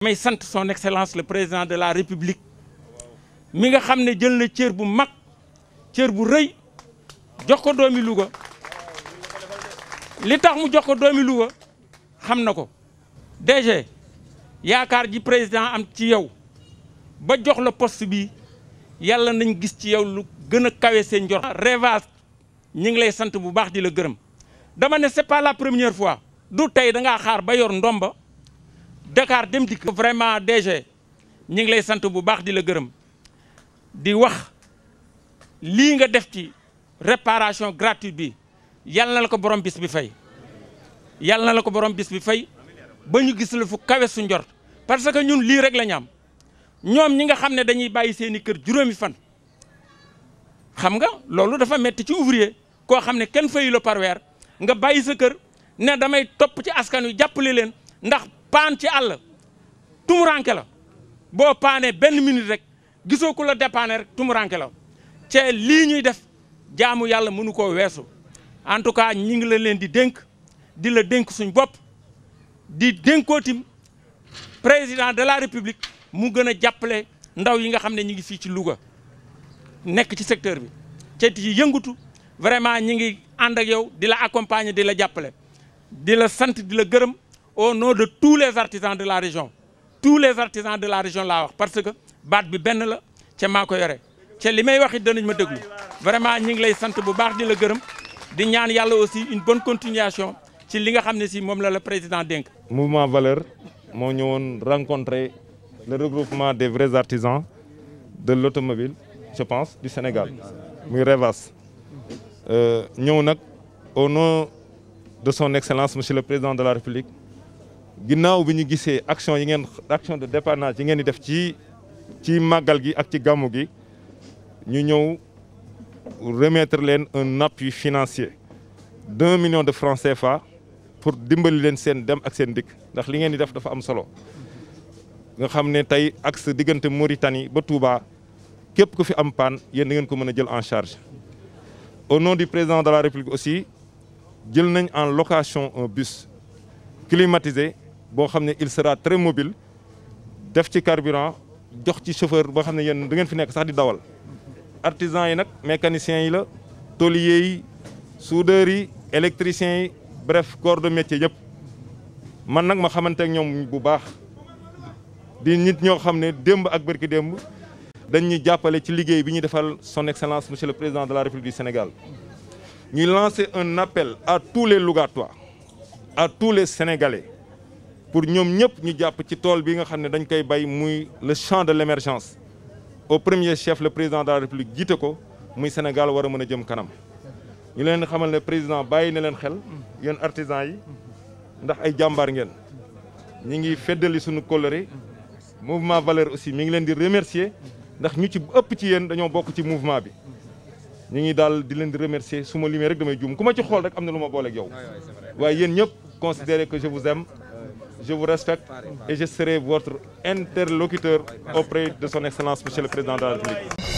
may sant son excellence le président de la république mi nga xamné ne jël na cër bu mak cër bu reuy jox ko domi Louga li tax mu jox ko domi Louga xamnako DG yaakar ji président am ci yow ba jox le poste bi yalla nañ gis ci yow lu gëna kawé kawe seen njor ñi ngi lay sant bu baax di la gërëm dama né c'est pas la première fois du da nga xaar ba yor ndomba Dakar dem vraiment DG lay bu di la di wax nga réparation gratuite bi na ko borom bis bi fay na ko borom bis bi fay gis fu su parce que nous li rek la nous avons ñi nga xamné dañuy bayyi seeni kër juroomi fan xam nga lolu dafa metti ci ouvrier ko xamné ne fayu nga damay ci askan paan ci àll tumuranke la boo paanee benn minute rek gisoo ku la dépanner rek tumuranke la te lii ñuy def jaamu yàlla mënu koo weesu en tout cas ñi ngi la leen di dénk di la dénk suñ bopp di dénkootim président de la république mu gën a jàppale ndaw yi nga xam ne ñu ngi fii ci Louga nekk ci secteur bi te ci yëngatu vraiment ñi ngi ànd ak yow di la accompagner di la jàppale di la sant di la gërëm au nom de tous les artisans de la région tous les artisans de la région là, parce que Bad bi c'est la ca maa ko yore vraiment nous sommes lay train bu baax di la gërëm di aussi une bonne continuation ci li nga xam la président mouvement valeur nous avons rencontré le regroupement des vrais artisans de l'automobile je pense du Sénégal muy Revas euh, au nom de son excellence monsieur le président de la République ginnaw biñu action de dépannage yi ngeen remettre un appui financier 2 millions de francs CFA pour dimbali leen sen dem ak sen dik ndax li ngeen def dafa am Mauritanie Touba ko en charge au nom du président de la République aussi jël en location un bus climatisé boo xam ne il sera très mobile def ci carburant jox ci chauffeur boo xam ne yéen da ngeen fi nekk sax di dawal artisan yi nag mécaniciens yi la tôliers yi soudeurs yi électriciens yi bref corps de métier yëpp man nag ma xamante ak ñoom bu baax di nit ñoo xam ne démb ak bërki démb dañ ñu jàppale ci liggéey bi ñu defal son excellence monsieur le président de la république du Sénégal ñuy lancer un appel à tous les Lougatois à tous les Sénégalais pour ñom ñëpp ñu japp ci tool bi nga xamné dañ koy bay muy le champ de l'émergence au premier chef le président de la république jiite ko muy Sénégal wara mëna jëm kanam ñu leen xamal ne président bàyyi na leen xel yeen artisans yi ndax ay jambar ngeen ñi ngi fédéli suñu coloré mouvement valeur aussi mi ngi leen di remercier ndax ñu ci ëpp ci yeen dañoo bokk ci mouvement bi ñi ngi dal di leen di remercier suma limé rek damay juum kuma ci xol rek amna luma lu ak yow waaye yeen ñëpp considérez que je vous aime je vous respecte et je serai votre interlocuteur auprès de son Excellence, Monsieur le Président de la République.